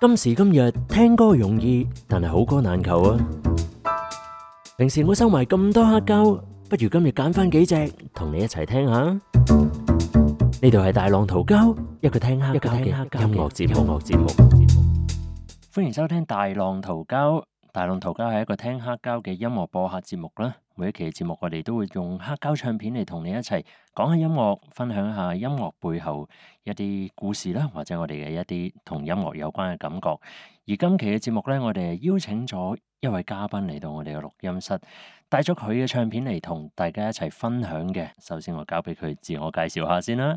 今時今日聽歌容易，但係好歌難求啊！平時我收埋咁多黑膠，不如今日揀翻幾隻同你一齊聽下。呢度係大浪淘膠，一個聽黑膠嘅音樂節目。音樂節目歡迎收聽大浪淘膠。大浪淘膠係一個聽黑膠嘅音樂播客節目啦。每一期節目我哋都會用黑膠唱片嚟同你一齊講下音樂，分享下音樂背後一啲故事啦，或者我哋嘅一啲同音樂有關嘅感覺。而今期嘅節目咧，我哋邀請咗一位嘉賓嚟到我哋嘅錄音室，帶咗佢嘅唱片嚟同大家一齊分享嘅。首先，我交俾佢自我介紹下先啦。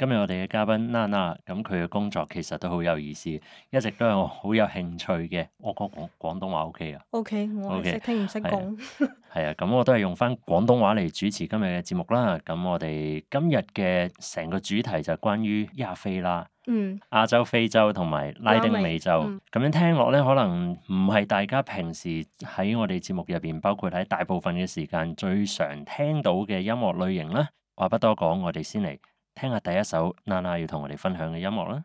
今日我哋嘅嘉賓娜娜，咁佢嘅工作其實都好有意思，一直都係我好有興趣嘅。我講廣廣東話 O K 啊？O K，我識聽唔識講。係、okay，啊，咁我都係用返廣東話嚟主持今日嘅節目啦。咁我哋今日嘅成個主題就係關於亞非拉，嗯，亞、嗯、洲、非洲同埋拉丁美洲。咁、嗯嗯、樣聽落咧，可能唔係大家平時喺我哋節目入邊，包括喺大部分嘅時間最常聽到嘅音樂類型啦。話不多講，我哋先嚟。聽下第一首 Nana 要同我哋分享嘅音樂啦。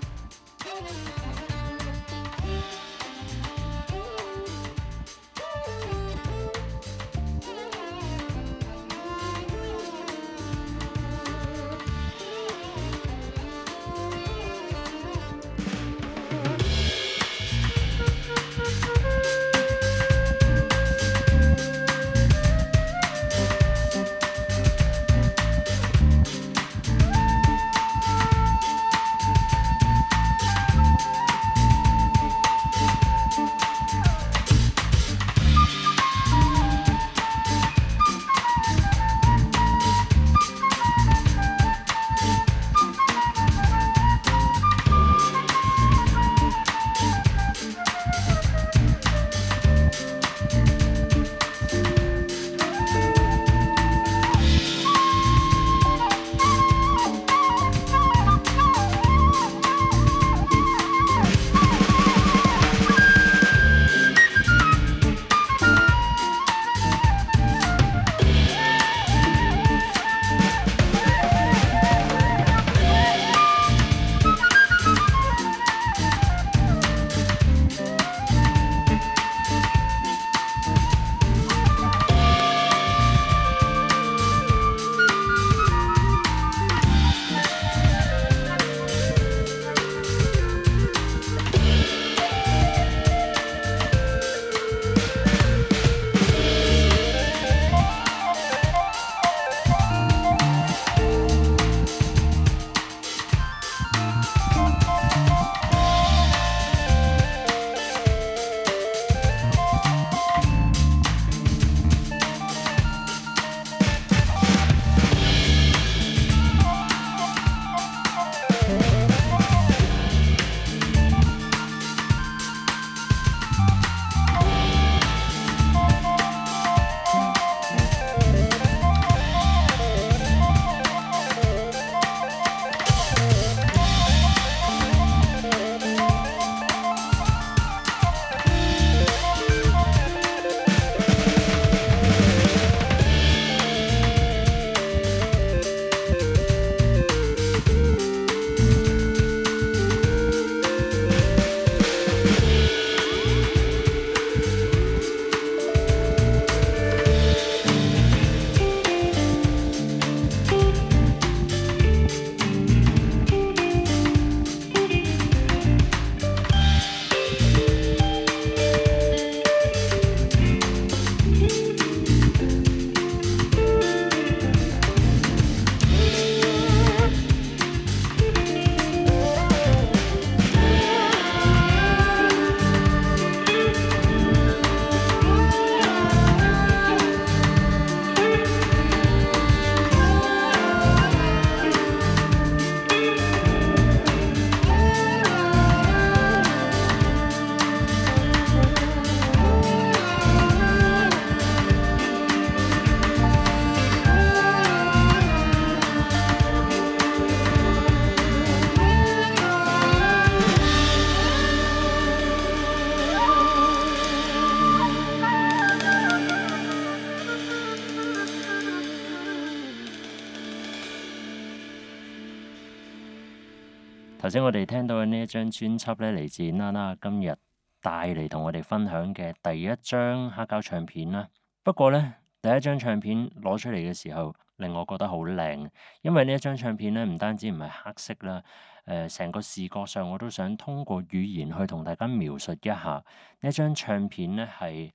頭先我哋聽到嘅呢一張專輯咧，嚟自 Nana 今日帶嚟同我哋分享嘅第一張黑膠唱片啦。不過咧，第一張唱片攞出嚟嘅時候，令我覺得好靚，因為呢一張唱片咧，唔單止唔係黑色啦，誒、呃，成個視覺上我都想通過語言去同大家描述一下呢一張唱片咧，係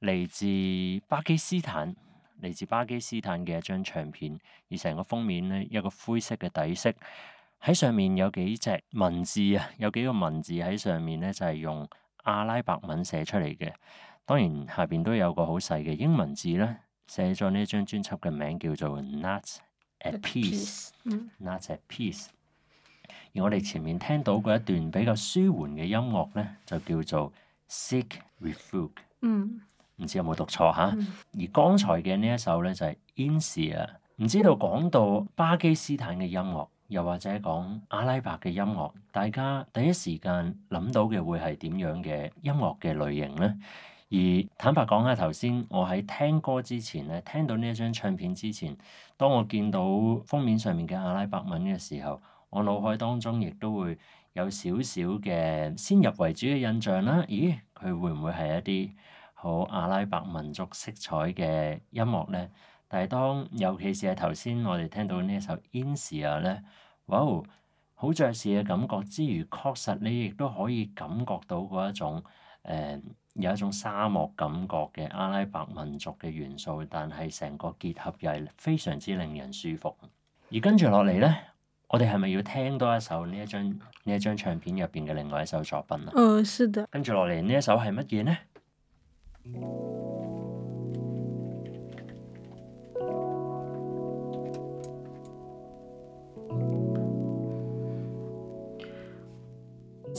嚟自巴基斯坦，嚟自巴基斯坦嘅一張唱片，而成個封面咧，一個灰色嘅底色。喺上面有幾隻文字啊，有幾個文字喺上面咧，就係、是、用阿拉伯文寫出嚟嘅。當然下邊都有個好細嘅英文字咧，寫咗呢一張專輯嘅名叫做《Nafs At Peace, at peace、嗯》，Nafs At Peace。而我哋前面聽到過一段比較舒緩嘅音樂咧，就叫做 Seek Refuge 唔知有冇讀錯嚇？嗯、而剛才嘅呢一首咧就係 Insia 啦，唔知道講到巴基斯坦嘅音樂。又或者講阿拉伯嘅音樂，大家第一時間諗到嘅會係點樣嘅音樂嘅類型呢？而坦白講下，頭先我喺聽歌之前咧，聽到呢一張唱片之前，當我見到封面上面嘅阿拉伯文嘅時候，我腦海當中亦都會有少少嘅先入為主嘅印象啦。咦，佢會唔會係一啲好阿拉伯民族色彩嘅音樂呢？但係當尤其是係頭先我哋聽到呢一首《Insia》咧，哇！好爵士嘅感覺之餘，確實你亦都可以感覺到嗰一種誒、呃、有一種沙漠感覺嘅阿拉伯民族嘅元素，但係成個結合又係非常之令人舒服。而跟住落嚟咧，我哋係咪要聽多一首呢一張呢一張唱片入邊嘅另外一首作品啊？嗯、哦，是的。跟住落嚟呢一首係乜嘢咧？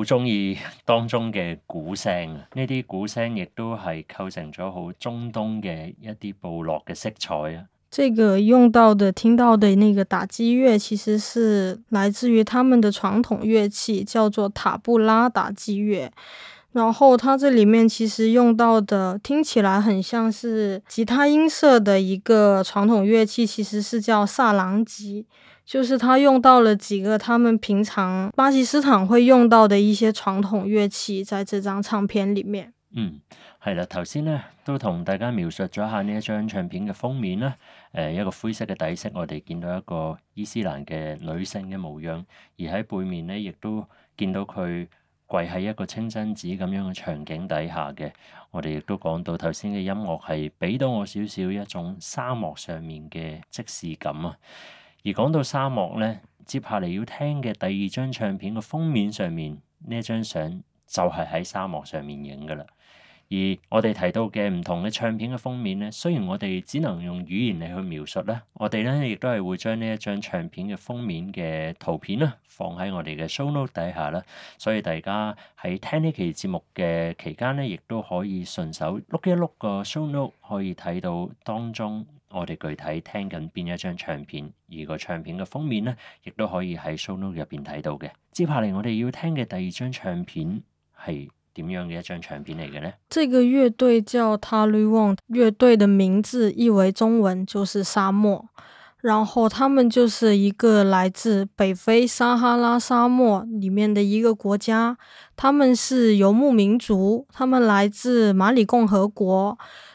好中意當中嘅鼓聲啊！呢啲鼓聲亦都係構成咗好中東嘅一啲部落嘅色彩啊。這個用到的、聽到的那個打擊樂其實是來自於他們的傳統樂器，叫做塔布拉打擊樂。然後它這裏面其實用到的聽起來很像是吉他音色的一個傳統樂器，其實是叫薩朗吉。就是他用到了幾個他們平常巴基斯坦會用到的一些傳統樂器，在這張唱片裏面。嗯，係啦，頭先咧都同大家描述咗下呢一張唱片嘅封面啦。誒、呃，一個灰色嘅底色，我哋見到一個伊斯蘭嘅女性嘅模樣，而喺背面咧，亦都見到佢跪喺一個清真寺咁樣嘅場景底下嘅。我哋亦都講到頭先嘅音樂係俾到我少少一種沙漠上面嘅即視感啊。而講到沙漠咧，接下嚟要聽嘅第二張唱片嘅封面上面呢張相就係喺沙漠上面影㗎啦。而我哋提到嘅唔同嘅唱片嘅封面咧，雖然我哋只能用語言嚟去描述咧，我哋咧亦都係會將呢一張唱片嘅封面嘅圖片啦，放喺我哋嘅 show note 底下啦。所以大家喺聽呢期節目嘅期間咧，亦都可以順手碌一碌個 show note，可以睇到當中。我哋具體聽緊邊一張唱片，而個唱片嘅封面呢，亦都可以喺 show note 入邊睇到嘅。接下嚟我哋要聽嘅第二張唱片係點樣嘅一張唱片嚟嘅呢？這個樂隊叫 Tinariwen，樂隊嘅名字譯為中文就是沙漠。然後他們就是一個來自北非撒哈拉沙漠裏面嘅一個國家，他們是游牧民族，他們來自馬里共和國。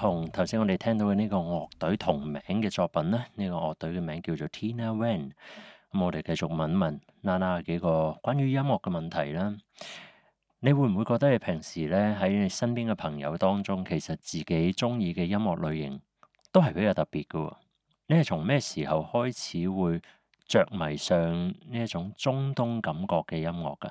同頭先我哋聽到嘅呢個樂隊同名嘅作品咧，呢、這個樂隊嘅名叫做 Tinariwen。咁我哋繼續問一問 Nana 幾個關於音樂嘅問題啦。你會唔會覺得你平時咧喺你身邊嘅朋友當中，其實自己中意嘅音樂類型都係比較特別嘅喎？你係從咩時候開始會着迷上呢一種中東感覺嘅音樂嘅？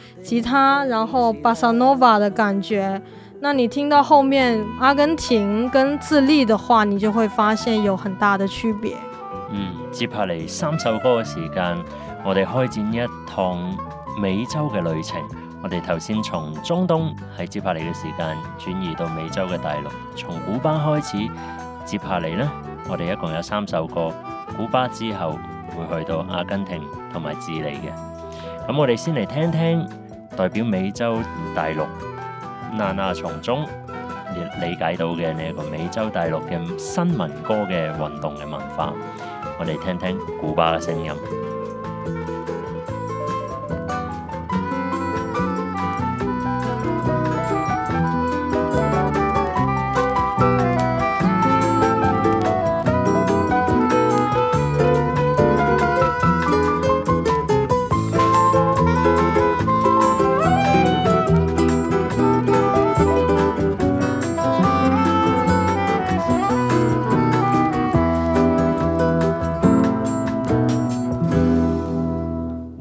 吉他，然後巴薩諾瓦的感覺。那你聽到後面阿根廷跟智利的話，你就會發現有很大的區別。嗯，接下嚟三首歌嘅時間，我哋開展一趟美洲嘅旅程。我哋頭先從中東喺接下嚟嘅時間，轉移到美洲嘅大陸，從古巴開始。接下嚟呢，我哋一共有三首歌，古巴之後會去到阿根廷同埋智利嘅。咁我哋先嚟聽聽。代表美洲大陸，娜娜從中理解到嘅呢一個美洲大陸嘅新民歌嘅運動嘅文化，我哋聽聽古巴嘅聲音。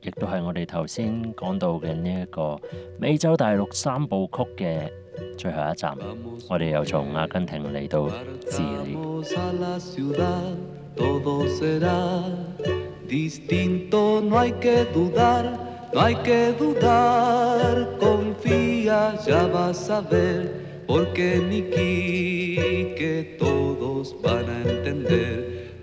亦都係我哋頭先講到嘅呢一個美洲大陸三部曲嘅最後一站，我哋又從阿根廷嚟到智利。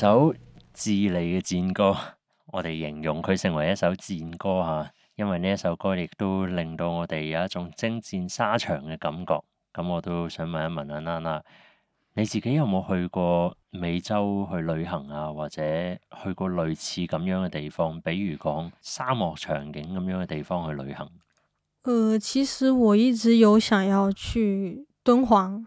首智利嘅戰歌，我哋形容佢成為一首戰歌吓，因為呢一首歌亦都令到我哋有一種征戰沙場嘅感覺。咁我都想問一問阿 Nana，你自己有冇去過美洲去旅行啊？或者去過類似咁樣嘅地方，比如講沙漠場景咁樣嘅地方去旅行？誒、呃，其實我一直有想要去敦煌。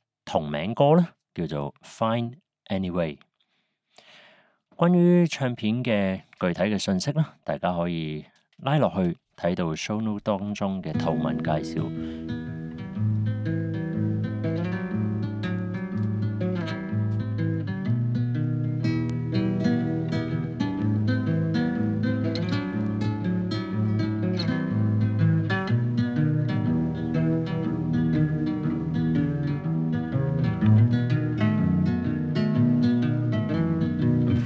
同名歌咧，叫做《Fine Anyway》。關於唱片嘅具體嘅信息咧，大家可以拉落去睇到 Show Note 當中嘅圖文介紹。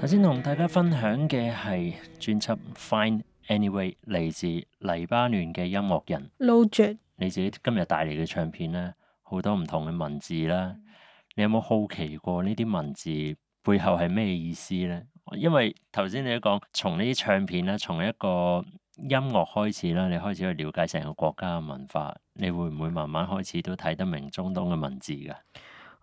頭先同大家分享嘅係專輯《Fine Anyway》，嚟自黎巴嫩嘅音樂人。老絕，你自己今日帶嚟嘅唱片咧，好多唔同嘅文字啦。你有冇好奇過呢啲文字背後係咩意思咧？因為頭先你都講，從呢啲唱片咧，從一個音樂開始啦，你開始去了解成個國家嘅文化，你會唔會慢慢開始都睇得明中東嘅文字噶？